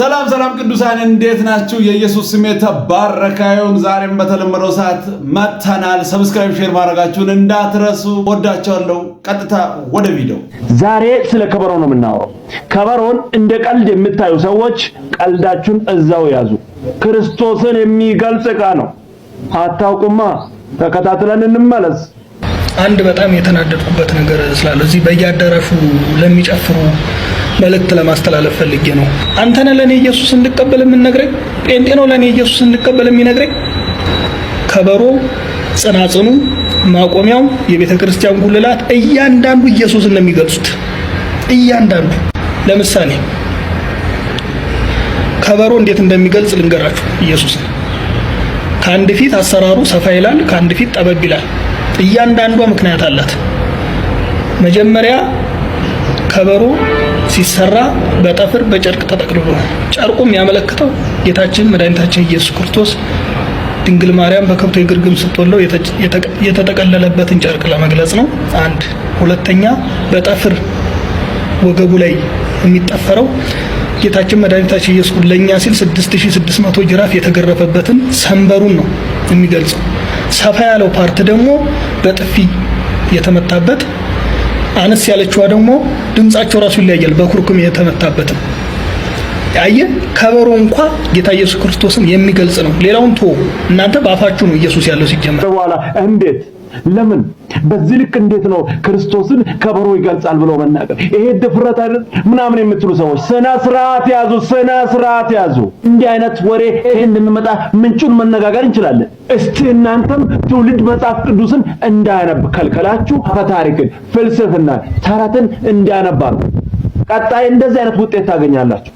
ሰላም ሰላም ቅዱሳን እንዴት ናችሁ? የኢየሱስ ስም የተባረከ ይሁን። ዛሬም በተለመደው ሰዓት መጥተናል። ሰብስክራይብ፣ ሼር ማድረጋችሁን እንዳትረሱ። ወዳቸዋለሁ። ቀጥታ ወደ ቪዲዮ። ዛሬ ስለ ከበሮ ነው የምናወራው። ከበሮን እንደ ቀልድ የምታዩ ሰዎች ቀልዳችሁን እዛው ያዙ። ክርስቶስን የሚገልጽ ዕቃ ነው። አታውቁማ። ተከታትለን እንመለስ። አንድ በጣም የተናደድኩበት ነገር ስላለ እዚህ በየአዳራሹ ለሚጨፍሩ መልእክት ለማስተላለፍ ፈልጌ ነው። አንተነ ለእኔ ኢየሱስ እንድቀበል የምነግረኝ? ጴንጤ ነው ለእኔ ኢየሱስ እንድቀበል የሚነግረኝ? ከበሮ፣ ጽናጽኑ፣ ማቆሚያው፣ የቤተ ክርስቲያን ጉልላት እያንዳንዱ ኢየሱስን እንደሚገልጹት እያንዳንዱ ለምሳሌ ከበሮ እንዴት እንደሚገልጽ ልንገራችሁ ኢየሱስን። ከአንድ ፊት አሰራሩ ሰፋ ይላል፣ ከአንድ ፊት ጠበብ ይላል። እያንዳንዷ ምክንያት አላት። መጀመሪያ ከበሮ ሲሰራ በጠፍር በጨርቅ ተጠቅልሎ ጨርቁ የሚያመለክተው ጌታችን መድኃኒታችን ኢየሱስ ክርስቶስ ድንግል ማርያም በከብቶ የግርግም ስትወለው የተጠቀለለበትን ጨርቅ ለመግለጽ ነው። አንድ ሁለተኛ በጠፍር ወገቡ ላይ የሚጠፈረው ጌታችን መድኃኒታችን ኢየሱስ ለኛ ሲል 6600 ጅራፍ የተገረፈበትን ሰንበሩን ነው የሚገልጸው። ሰፋ ያለው ፓርት ደግሞ በጥፊ የተመታበት፣ አነስ ያለችዋ ደግሞ ድምጻቸው ራሱ ይለያያል። በኩርኩም የተመታበት አየ ከበሮ እንኳ ጌታ ኢየሱስ ክርስቶስን የሚገልጽ ነው። ሌላውን ቶ እናንተ በአፋችሁ ነው ኢየሱስ ያለው ሲጀመር በኋላ እንዴት ለምን በዚህ ልክ እንዴት ነው ክርስቶስን ከበሮ ይገልጻል ብሎ መናገር? ይሄ ድፍረት አይደል? ምናምን የምትሉ ሰዎች ስነ ስርዓት ያዙ፣ ስነ ስርዓት ያዙ። እንዲህ አይነት ወሬ ይሄ እንድንመጣ ምንጩን መነጋገር እንችላለን። እስቲ እናንተም ትውልድ መጽሐፍ ቅዱስን እንዳያነብ ከልከላችሁ፣ ታሪክን፣ ፍልስፍና፣ ተረትን እንዳያነባሉ፣ ቀጣይ እንደዚህ አይነት ውጤት ታገኛላችሁ።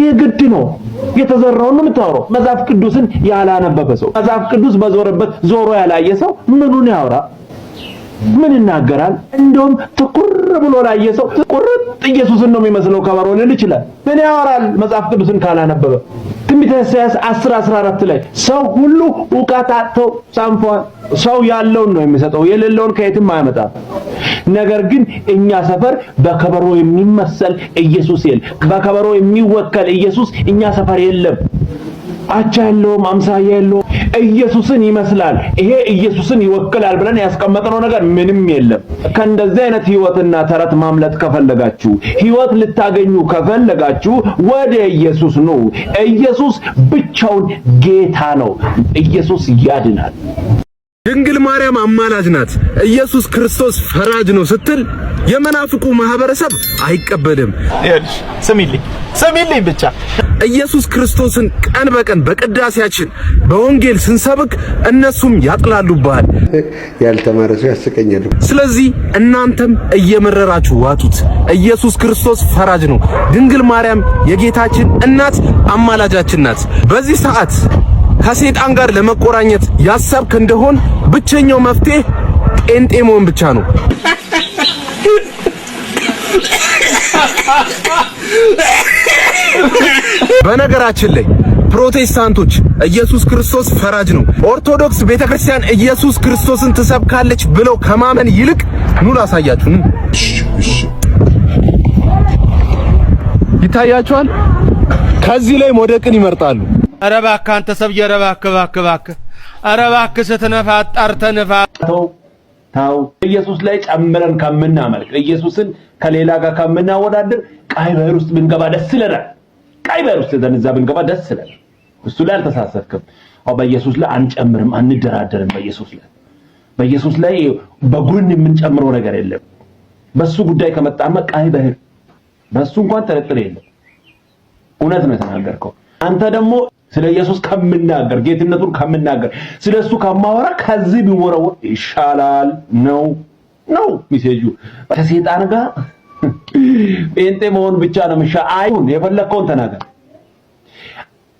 ይህ ግድ ነው። የተዘራውን ነው የምታወራው። መጽሐፍ ቅዱስን ያላነበበ ሰው፣ መጽሐፍ ቅዱስ በዞረበት ዞሮ ያላየ ሰው ምኑን ያወራ? ምን ይናገራል? እንደውም ትኩር ብሎ ላየ ሰው ቁርጥ ኢየሱስን ነው የሚመስለው ከበሮ ሊል ይችላል። ምን ያወራል? መጽሐፍ ቅዱስን ካላነበበ ትንቢተ ኢሳይያስ 10 14 ላይ ሰው ሁሉ ዕውቀት አጥተው ሰንፏል። ሰው ያለውን ነው የሚሰጠው፣ የሌለውን ከየትም አያመጣም። ነገር ግን እኛ ሰፈር በከበሮ የሚመሰል ኢየሱስ የለም። በከበሮ የሚወከል ኢየሱስ እኛ ሰፈር የለም። አቻ የለውም፣ አምሳያ የለውም። ኢየሱስን ይመስላል፣ ይሄ ኢየሱስን ይወክላል ብለን ያስቀመጥነው ነገር ምንም የለም። ከእንደዚህ አይነት ህይወትና ተረት ማምለጥ ከፈለጋችሁ፣ ህይወት ልታገኙ ከፈለጋችሁ ወደ ኢየሱስ ኑ። ኢየሱስ ብቻውን ጌታ ነው። ኢየሱስ ያድናል። ድንግል ማርያም አማላጅ ናት፣ ኢየሱስ ክርስቶስ ፈራጅ ነው ስትል የመናፍቁ ማህበረሰብ አይቀበልም። ይኸውልሽ ስሚልኝ ስሚልኝ ብቻ ኢየሱስ ክርስቶስን ቀን በቀን በቅዳሴያችን በወንጌል ስንሰብክ እነሱም ያጥላሉብሃል። ያልተማረ ሰው ያስቀኛል። ስለዚህ እናንተም እየመረራችሁ ዋጡት። ኢየሱስ ክርስቶስ ፈራጅ ነው። ድንግል ማርያም የጌታችን እናት አማላጃችን ናት። በዚህ ሰዓት ከሴጣን ጋር ለመቆራኘት ያሰብክ እንደሆን ብቸኛው መፍትሄ ጴንጤ መሆን ብቻ ነው። በነገራችን ላይ ፕሮቴስታንቶች ኢየሱስ ክርስቶስ ፈራጅ ነው፣ ኦርቶዶክስ ቤተክርስቲያን ኢየሱስ ክርስቶስን ትሰብካለች ብለው ከማመን ይልቅ ኑ ላሳያችሁ። ይታያችኋል። ከዚህ ላይ መውደቅን ይመርጣሉ። ኧረ እባክህ አንተ ሰብዬ፣ ኧረ እባክህ እባክህ እባክህ፣ ኧረ እባክህ ስትነፋ አጣርተህ ንፋ። ተው ተው፣ ኢየሱስ ላይ ጨምረን ከምናመልክ ኢየሱስን ከሌላ ጋር ከምናወዳደር ቀይ ባህር ውስጥ ብንገባ ደስ ይለናል። ቀይ ባህር ውስጥ እዛ ብንገባ ደስ ይለናል። እሱ ላይ አልተሳሰብክም። አዎ በኢየሱስ ላይ አንጨምርም፣ አንደራደርም። በኢየሱስ ላይ በኢየሱስ ላይ በጉን የምንጨምረው ነገር የለም። በሱ ጉዳይ ከመጣማ ቀይ ባህር በሱ እንኳን ጥርጥር የለም። እውነት ነው የተናገርከው። አንተ ደግሞ ስለ ኢየሱስ ከምናገር ጌትነቱን ከምናገር ስለ እሱ ከማወራ ከዚህ ቢወረወር ይሻላል ነው ነው ሚሴጁ። ከሴጣን ጋር ጴንጤ መሆን ብቻ ነው ምሻ። አይሁን የፈለግከውን ተናገር።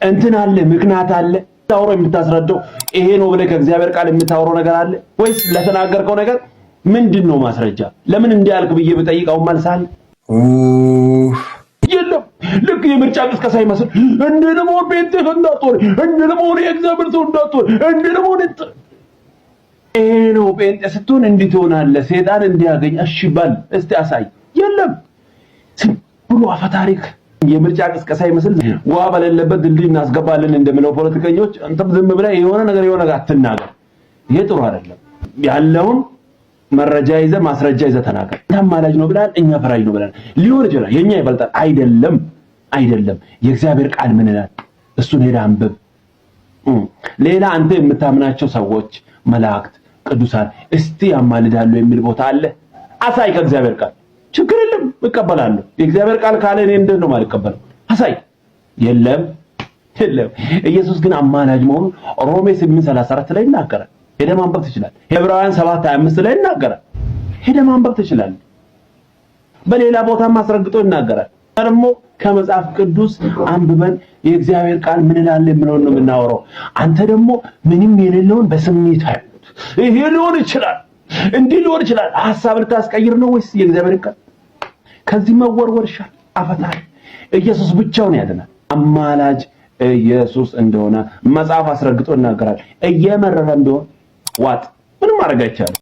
እንትን አለ ምክንያት አለ ታውሮ የምታስረዳው ይሄ ነው ብለህ ከእግዚአብሔር ቃል የምታውረው ነገር አለ ወይስ ለተናገርከው ነገር ምንድን ነው ማስረጃ? ለምን እንዲያልክ ብዬ ብጠይቀው መልሳል ልክ የምርጫ ቅስቀሳ ይመስል እንዴ ለመሆን ቤት እንዳትሆን፣ እንደ ለመሆን የእግዚአብሔር ሰው እንዳትሆን፣ እንደ ለመሆን ይሄ ነው ጴንጤ ስትሆን እንዲህ ትሆናለህ። ሴጣን እንዲያገኝ እሺ በል እስቲ አሳይ። የለም ብሎ አፈ ታሪክ የምርጫ ቅስቀሳ ይመስል ውሃ በሌለበት ድልድይ እናስገባለን እንደምለው ፖለቲከኞች፣ እንትም ዝም ብለህ የሆነ ነገር የሆነ ነገር አትናገር። ይሄ ጥሩ አይደለም። ያለውን መረጃ ይዘህ ማስረጃ ይዘህ ተናገር። ማላጅ ነው ብለሃል፣ እኛ ፈራጅ ነው ብለናል። ሊሆን ይችላል የኛ ይበልጣል አይደለም አይደለም። የእግዚአብሔር ቃል ምን ይላል? እሱን ሄደህ አንብብ። ሌላ አንተ የምታምናቸው ሰዎች፣ መላእክት፣ ቅዱሳን እስቲ ያማልዳሉ የሚል ቦታ አለ። አሳይ ከእግዚአብሔር ቃል ችግር የለም እቀበላለሁ። የእግዚአብሔር ቃል ካለ እኔ እንደ ነው የማልቀበለው። አሳይ የለም የለም። ኢየሱስ ግን አማላጅ መሆኑን ሮሜ 8:34 ላይ ይናገራል። ሄደህ ማንበብ ትችላለህ። ዕብራውያን 7:25 ላይ ይናገራል። ሄደህ ማንበብ ትችላለህ። በሌላ ቦታም አስረግጦ ይናገራል ደግሞ ከመጽሐፍ ቅዱስ አንብበን የእግዚአብሔር ቃል ምን ላለ የምለውን ነው የምናወራው። አንተ ደግሞ ምንም የሌለውን በስሜት አይሁት። ይሄ ሊሆን ይችላል፣ እንዲህ ሊሆን ይችላል። ሐሳብ ልታስቀይር ነው ወይስ የእግዚአብሔር ቃል? ከዚህ መወርወርሻል አፈታል። ኢየሱስ ብቻውን ያድናል። አማላጅ ኢየሱስ እንደሆነ መጽሐፍ አስረግጦ ይናገራል። እየመረረ ቢሆን ዋጥ ምንም ማድረግ አይቻልም።